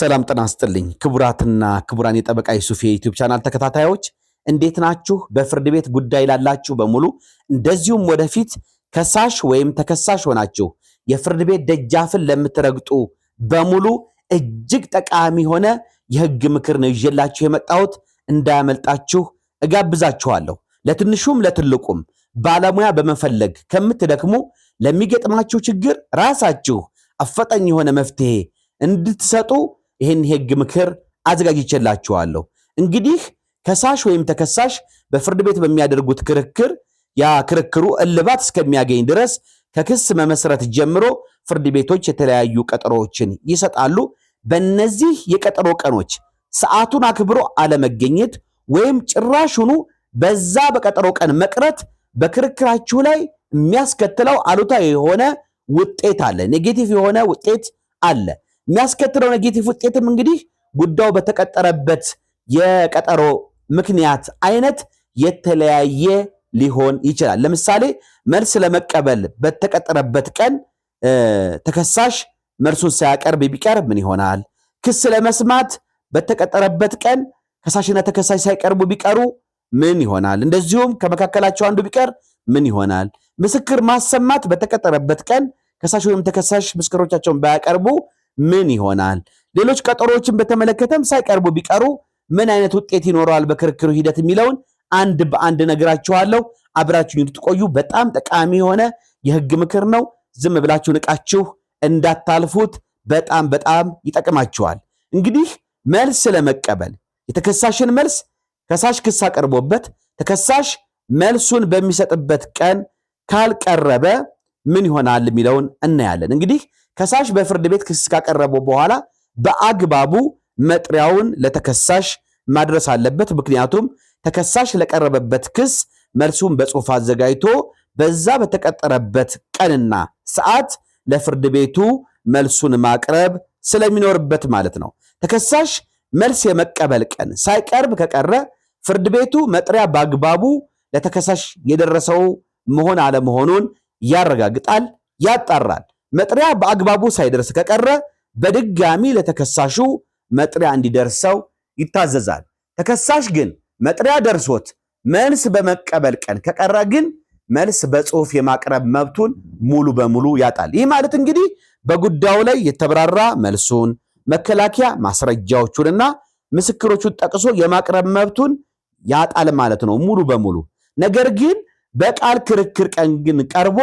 ሰላም ጤና ይስጥልኝ ክቡራትና ክቡራን የጠበቃ ዩሱፍ የዩቲዩብ ቻናል ተከታታዮች እንዴት ናችሁ? በፍርድ ቤት ጉዳይ ላላችሁ በሙሉ እንደዚሁም ወደፊት ከሳሽ ወይም ተከሳሽ ሆናችሁ የፍርድ ቤት ደጃፍን ለምትረግጡ በሙሉ እጅግ ጠቃሚ የሆነ የህግ ምክር ነው ይዤላችሁ የመጣሁት። እንዳያመልጣችሁ እጋብዛችኋለሁ። ለትንሹም ለትልቁም ባለሙያ በመፈለግ ከምትደክሙ ለሚገጥማችሁ ችግር ራሳችሁ አፈጠኝ የሆነ መፍትሄ እንድትሰጡ ይህን ህግ ምክር አዘጋጅቼላችኋለሁ። እንግዲህ ከሳሽ ወይም ተከሳሽ በፍርድ ቤት በሚያደርጉት ክርክር ያ ክርክሩ እልባት እስከሚያገኝ ድረስ ከክስ መመስረት ጀምሮ ፍርድ ቤቶች የተለያዩ ቀጠሮዎችን ይሰጣሉ። በእነዚህ የቀጠሮ ቀኖች ሰዓቱን አክብሮ አለመገኘት ወይም ጭራሹኑ በዛ በቀጠሮ ቀን መቅረት በክርክራችሁ ላይ የሚያስከትለው አሉታ የሆነ ውጤት አለ፣ ኔጌቲቭ የሆነ ውጤት አለ። የሚያስከትለው ኔጌቲቭ ውጤትም እንግዲህ ጉዳዩ በተቀጠረበት የቀጠሮ ምክንያት አይነት የተለያየ ሊሆን ይችላል። ለምሳሌ መልስ ለመቀበል በተቀጠረበት ቀን ተከሳሽ መልሱን ሳያቀርብ ቢቀር ምን ይሆናል? ክስ ለመስማት በተቀጠረበት ቀን ከሳሽና ተከሳሽ ሳይቀርቡ ቢቀሩ ምን ይሆናል? እንደዚሁም ከመካከላቸው አንዱ ቢቀር ምን ይሆናል? ምስክር ማሰማት በተቀጠረበት ቀን ከሳሽ ወይም ተከሳሽ ምስክሮቻቸውን ባያቀርቡ ምን ይሆናል? ሌሎች ቀጠሮዎችን በተመለከተም ሳይቀርቡ ቢቀሩ ምን አይነት ውጤት ይኖረዋል በክርክሩ ሂደት የሚለውን አንድ በአንድ ነግራችኋለሁ። አብራችሁ እንድትቆዩ በጣም ጠቃሚ የሆነ የህግ ምክር ነው። ዝም ብላችሁ ንቃችሁ እንዳታልፉት። በጣም በጣም ይጠቅማችኋል። እንግዲህ መልስ ለመቀበል የተከሳሽን መልስ ከሳሽ ክስ አቀርቦበት ተከሳሽ መልሱን በሚሰጥበት ቀን ካልቀረበ ምን ይሆናል የሚለውን እናያለን። እንግዲህ ከሳሽ በፍርድ ቤት ክስ ካቀረበ በኋላ በአግባቡ መጥሪያውን ለተከሳሽ ማድረስ አለበት። ምክንያቱም ተከሳሽ ለቀረበበት ክስ መልሱን በጽሁፍ አዘጋጅቶ በዛ በተቀጠረበት ቀንና ሰዓት ለፍርድ ቤቱ መልሱን ማቅረብ ስለሚኖርበት ማለት ነው። ተከሳሽ መልስ የመቀበል ቀን ሳይቀርብ ከቀረ ፍርድ ቤቱ መጥሪያ በአግባቡ ለተከሳሽ የደረሰው መሆን አለመሆኑን ያረጋግጣል፣ ያጣራል። መጥሪያ በአግባቡ ሳይደርስ ከቀረ በድጋሚ ለተከሳሹ መጥሪያ እንዲደርሰው ይታዘዛል። ተከሳሽ ግን መጥሪያ ደርሶት መልስ በመቀበል ቀን ከቀረ ግን መልስ በጽሁፍ የማቅረብ መብቱን ሙሉ በሙሉ ያጣል። ይህ ማለት እንግዲህ በጉዳዩ ላይ የተብራራ መልሱን መከላከያ ማስረጃዎቹንና ምስክሮቹን ጠቅሶ የማቅረብ መብቱን ያጣል ማለት ነው ሙሉ በሙሉ። ነገር ግን በቃል ክርክር ቀን ግን ቀርቦ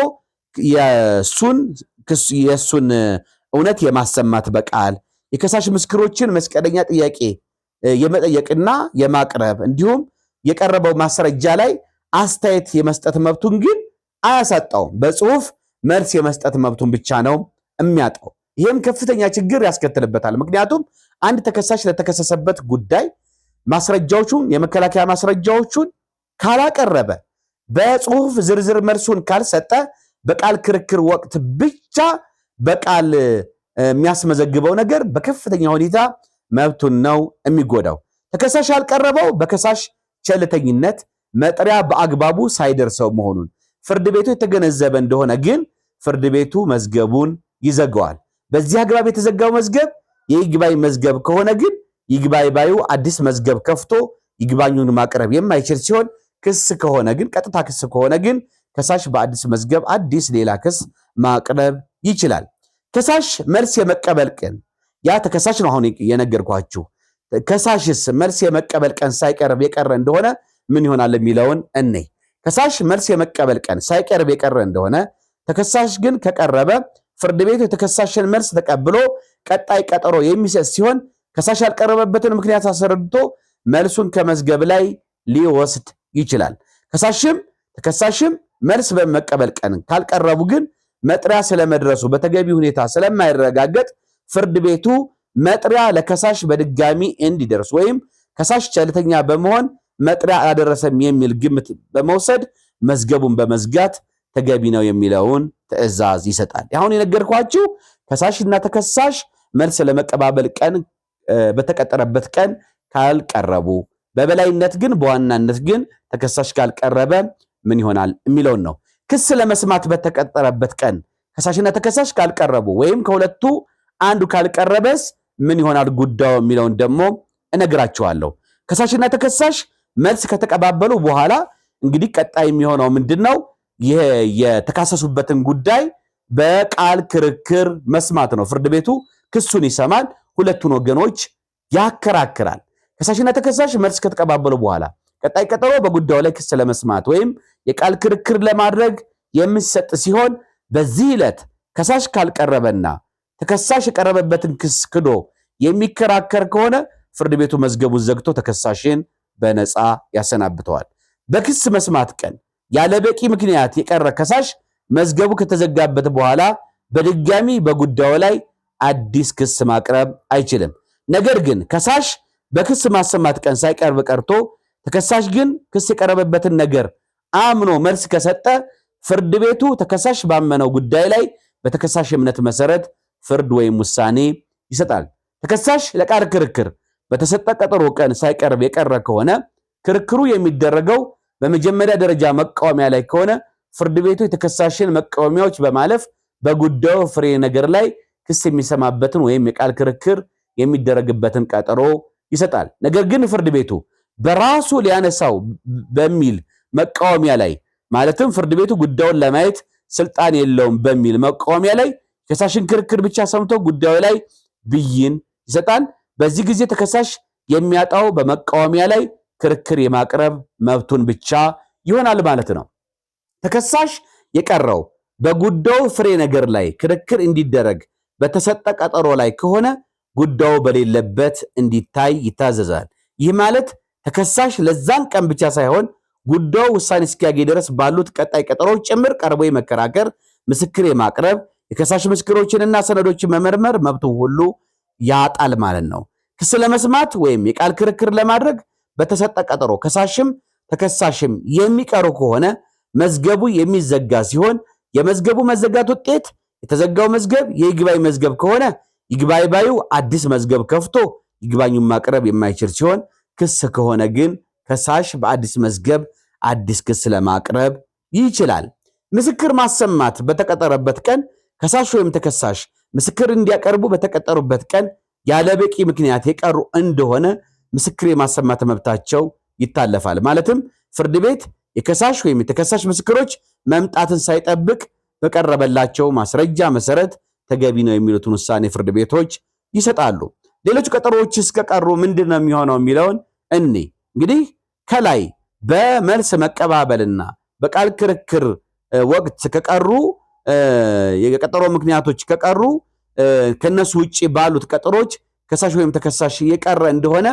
የእሱን የእሱን እውነት የማሰማት በቃል የከሳሽ ምስክሮችን መስቀለኛ ጥያቄ የመጠየቅና የማቅረብ እንዲሁም የቀረበው ማስረጃ ላይ አስተያየት የመስጠት መብቱን ግን አያሳጣውም። በጽሁፍ መልስ የመስጠት መብቱን ብቻ ነው የሚያጣው። ይህም ከፍተኛ ችግር ያስከትልበታል። ምክንያቱም አንድ ተከሳሽ ለተከሰሰበት ጉዳይ ማስረጃዎቹን የመከላከያ ማስረጃዎቹን ካላቀረበ በጽሁፍ ዝርዝር መልሱን ካልሰጠ በቃል ክርክር ወቅት ብቻ በቃል የሚያስመዘግበው ነገር በከፍተኛ ሁኔታ መብቱን ነው የሚጎዳው። ተከሳሽ ያልቀረበው በከሳሽ ቸልተኝነት መጥሪያ በአግባቡ ሳይደርሰው መሆኑን ፍርድ ቤቱ የተገነዘበ እንደሆነ ግን ፍርድ ቤቱ መዝገቡን ይዘገዋል። በዚህ አግባብ የተዘጋው መዝገብ የይግባኝ መዝገብ ከሆነ ግን ይግባኝ ባዩ አዲስ መዝገብ ከፍቶ ይግባኙን ማቅረብ የማይችል ሲሆን ክስ ከሆነ ግን ቀጥታ ክስ ከሆነ ግን ከሳሽ በአዲስ መዝገብ አዲስ ሌላ ክስ ማቅረብ ይችላል። ከሳሽ መልስ የመቀበል ቀን ያ ተከሳሽ ነው። አሁን የነገርኳችሁ ከሳሽስ መልስ የመቀበል ቀን ሳይቀርብ የቀረ እንደሆነ ምን ይሆናል የሚለውን እኔ ከሳሽ መልስ የመቀበል ቀን ሳይቀርብ የቀረ እንደሆነ ተከሳሽ ግን ከቀረበ ፍርድ ቤቱ የተከሳሽን መልስ ተቀብሎ ቀጣይ ቀጠሮ የሚሰጥ ሲሆን ከሳሽ ያልቀረበበትን ምክንያት አስረድቶ መልሱን ከመዝገብ ላይ ሊወስድ ይችላል። ከሳሽም ተከሳሽም መልስ በመቀበል ቀን ካልቀረቡ ግን መጥሪያ ስለመድረሱ በተገቢ ሁኔታ ስለማይረጋገጥ ፍርድ ቤቱ መጥሪያ ለከሳሽ በድጋሚ እንዲደርስ ወይም ከሳሽ ቸልተኛ በመሆን መጥሪያ አላደረሰም የሚል ግምት በመውሰድ መዝገቡን በመዝጋት ተገቢ ነው የሚለውን ትዕዛዝ ይሰጣል። አሁን የነገርኳችሁ ከሳሽና ተከሳሽ መልስ ለመቀባበል ቀን በተቀጠረበት ቀን ካልቀረቡ፣ በበላይነት ግን በዋናነት ግን ተከሳሽ ካልቀረበ ምን ይሆናል የሚለውን ነው። ክስ ለመስማት በተቀጠረበት ቀን ከሳሽና ተከሳሽ ካልቀረቡ ወይም ከሁለቱ አንዱ ካልቀረበስ ምን ይሆናል ጉዳዩ የሚለውን ደግሞ እነግራችኋለሁ። ከሳሽና ተከሳሽ መልስ ከተቀባበሉ በኋላ እንግዲህ ቀጣይ የሚሆነው ምንድን ነው? ይሄ የተካሰሱበትን ጉዳይ በቃል ክርክር መስማት ነው። ፍርድ ቤቱ ክሱን ይሰማል፣ ሁለቱን ወገኖች ያከራክራል። ከሳሽና ተከሳሽ መልስ ከተቀባበሉ በኋላ ቀጣይ ቀጠሮ በጉዳዩ ላይ ክስ ለመስማት ወይም የቃል ክርክር ለማድረግ የሚሰጥ ሲሆን በዚህ ዕለት ከሳሽ ካልቀረበና ተከሳሽ የቀረበበትን ክስ ክዶ የሚከራከር ከሆነ ፍርድ ቤቱ መዝገቡን ዘግቶ ተከሳሽን በነፃ ያሰናብተዋል። በክስ መስማት ቀን ያለ በቂ ምክንያት የቀረ ከሳሽ መዝገቡ ከተዘጋበት በኋላ በድጋሚ በጉዳዩ ላይ አዲስ ክስ ማቅረብ አይችልም። ነገር ግን ከሳሽ በክስ ማሰማት ቀን ሳይቀርብ ቀርቶ ተከሳሽ ግን ክስ የቀረበበትን ነገር አምኖ መልስ ከሰጠ ፍርድ ቤቱ ተከሳሽ ባመነው ጉዳይ ላይ በተከሳሽ እምነት መሰረት ፍርድ ወይም ውሳኔ ይሰጣል። ተከሳሽ ለቃል ክርክር በተሰጠ ቀጠሮ ቀን ሳይቀርብ የቀረ ከሆነ ክርክሩ የሚደረገው በመጀመሪያ ደረጃ መቃወሚያ ላይ ከሆነ ፍርድ ቤቱ የተከሳሽን መቃወሚያዎች በማለፍ በጉዳዩ ፍሬ ነገር ላይ ክስ የሚሰማበትን ወይም የቃል ክርክር የሚደረግበትን ቀጠሮ ይሰጣል። ነገር ግን ፍርድ ቤቱ በራሱ ሊያነሳው በሚል መቃወሚያ ላይ ማለትም ፍርድ ቤቱ ጉዳዩን ለማየት ስልጣን የለውም በሚል መቃወሚያ ላይ ከሳሽን ክርክር ብቻ ሰምቶ ጉዳዩ ላይ ብይን ይሰጣል። በዚህ ጊዜ ተከሳሽ የሚያጣው በመቃወሚያ ላይ ክርክር የማቅረብ መብቱን ብቻ ይሆናል ማለት ነው። ተከሳሽ የቀረው በጉዳዩ ፍሬ ነገር ላይ ክርክር እንዲደረግ በተሰጠ ቀጠሮ ላይ ከሆነ ጉዳዩ በሌለበት እንዲታይ ይታዘዛል። ይህ ማለት ተከሳሽ ለዛን ቀን ብቻ ሳይሆን ጉዳዩ ውሳኔ እስኪያገኝ ድረስ ባሉት ቀጣይ ቀጠሮች ጭምር ቀርቦ የመከራከር፣ ምስክር የማቅረብ፣ የከሳሽ ምስክሮችንና ሰነዶችን መመርመር መብቱ ሁሉ ያጣል ማለት ነው። ክስ ለመስማት ወይም የቃል ክርክር ለማድረግ በተሰጠ ቀጠሮ ከሳሽም ተከሳሽም የሚቀሩ ከሆነ መዝገቡ የሚዘጋ ሲሆን የመዝገቡ መዘጋት ውጤት የተዘጋው መዝገብ የይግባኝ መዝገብ ከሆነ ይግባኝ ባዩ አዲስ መዝገብ ከፍቶ ይግባኙን ማቅረብ የማይችል ሲሆን ክስ ከሆነ ግን ከሳሽ በአዲስ መዝገብ አዲስ ክስ ለማቅረብ ይችላል። ምስክር ማሰማት በተቀጠረበት ቀን ከሳሽ ወይም ተከሳሽ ምስክር እንዲያቀርቡ በተቀጠሩበት ቀን ያለ በቂ ምክንያት የቀሩ እንደሆነ ምስክር የማሰማት መብታቸው ይታለፋል። ማለትም ፍርድ ቤት የከሳሽ ወይም የተከሳሽ ምስክሮች መምጣትን ሳይጠብቅ በቀረበላቸው ማስረጃ መሰረት ተገቢ ነው የሚሉትን ውሳኔ ፍርድ ቤቶች ይሰጣሉ። ሌሎች ቀጠሮዎች እስከቀሩ ምንድን ነው የሚሆነው የሚለውን እኔ እንግዲህ ከላይ በመልስ መቀባበልና በቃል ክርክር ወቅት ከቀሩ የቀጠሮ ምክንያቶች ከቀሩ ከነሱ ውጭ ባሉት ቀጠሮች ከሳሽ ወይም ተከሳሽ የቀረ እንደሆነ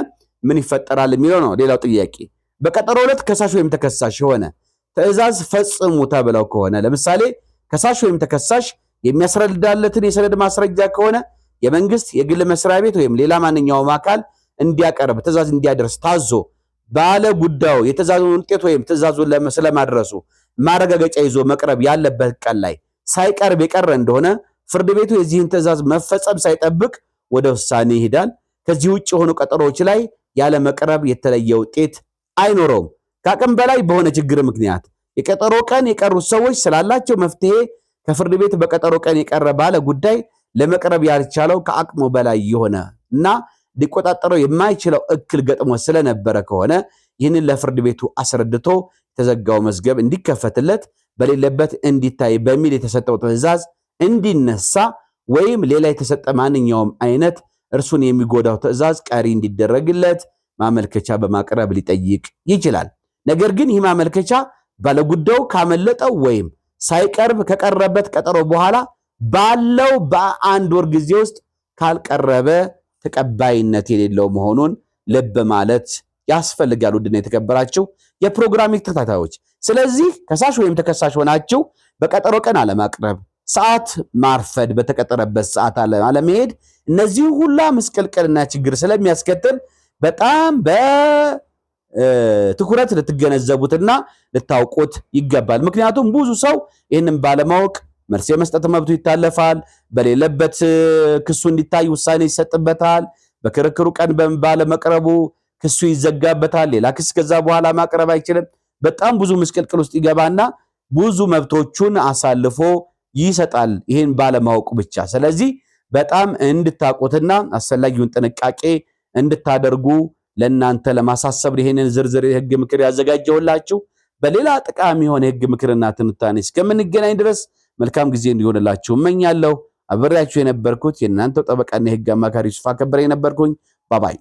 ምን ይፈጠራል የሚለው ነው ሌላው ጥያቄ። በቀጠሮ ዕለት ከሳሽ ወይም ተከሳሽ የሆነ ትዕዛዝ ፈጽሙ ተብለው ከሆነ ለምሳሌ ከሳሽ ወይም ተከሳሽ የሚያስረዳለትን የሰነድ ማስረጃ ከሆነ የመንግስት የግል መስሪያ ቤት ወይም ሌላ ማንኛውም አካል እንዲያቀርብ ትእዛዝ እንዲያደርስ ታዞ ባለ ጉዳዩ የትእዛዙን ውጤት ወይም ትእዛዙን ስለማድረሱ ማረጋገጫ ይዞ መቅረብ ያለበት ቀን ላይ ሳይቀርብ የቀረ እንደሆነ ፍርድ ቤቱ የዚህን ትእዛዝ መፈጸም ሳይጠብቅ ወደ ውሳኔ ይሄዳል። ከዚህ ውጭ የሆኑ ቀጠሮዎች ላይ ያለ መቅረብ የተለየ ውጤት አይኖረውም። ከአቅም በላይ በሆነ ችግር ምክንያት የቀጠሮ ቀን የቀሩት ሰዎች ስላላቸው መፍትሄ ከፍርድ ቤት በቀጠሮ ቀን የቀረ ባለ ጉዳይ ለመቅረብ ያልቻለው ከአቅሙ በላይ የሆነ እና ሊቆጣጠረው የማይችለው እክል ገጥሞ ስለነበረ ከሆነ ይህንን ለፍርድ ቤቱ አስረድቶ የተዘጋው መዝገብ እንዲከፈትለት በሌለበት እንዲታይ በሚል የተሰጠው ትዕዛዝ እንዲነሳ ወይም ሌላ የተሰጠ ማንኛውም አይነት እርሱን የሚጎዳው ትዕዛዝ ቀሪ እንዲደረግለት ማመልከቻ በማቅረብ ሊጠይቅ ይችላል። ነገር ግን ይህ ማመልከቻ ባለጉዳዩ ካመለጠው ወይም ሳይቀርብ ከቀረበት ቀጠሮ በኋላ ባለው በአንድ ወር ጊዜ ውስጥ ካልቀረበ ተቀባይነት የሌለው መሆኑን ልብ ማለት ያስፈልጋል። ውድና የተከበራችሁ የፕሮግራሚንግ ተከታታዮች፣ ስለዚህ ከሳሽ ወይም ተከሳሽ ሆናችሁ በቀጠሮ ቀን አለማቅረብ፣ ሰዓት ማርፈድ፣ በተቀጠረበት ሰዓት አለመሄድ፣ እነዚህ ሁላ ምስቅልቅልና ችግር ስለሚያስከትል በጣም በትኩረት ልትገነዘቡትና ልታውቁት ይገባል። ምክንያቱም ብዙ ሰው ይህንን ባለማወቅ መልስ የመስጠት መብቱ ይታለፋል። በሌለበት ክሱ እንዲታይ ውሳኔ ይሰጥበታል። በክርክሩ ቀን ባለመቅረቡ ክሱ ይዘጋበታል። ሌላ ክስ ከዛ በኋላ ማቅረብ አይችልም። በጣም ብዙ ምስቅልቅል ውስጥ ይገባና ብዙ መብቶቹን አሳልፎ ይሰጣል፣ ይህን ባለማወቁ ብቻ። ስለዚህ በጣም እንድታቁትና አስፈላጊውን ጥንቃቄ እንድታደርጉ ለእናንተ ለማሳሰብ ይህንን ዝርዝር የህግ ምክር ያዘጋጀውላችሁ። በሌላ ጠቃሚ የሆነ የህግ ምክርና ትንታኔ እስከምንገናኝ ድረስ መልካም ጊዜ እንዲሆንላችሁ እመኛለሁ። አብሬያችሁ የነበርኩት የእናንተው ጠበቃና የህግ አማካሪ ዩሱፍ አከበረ የነበርኩኝ። ባባይ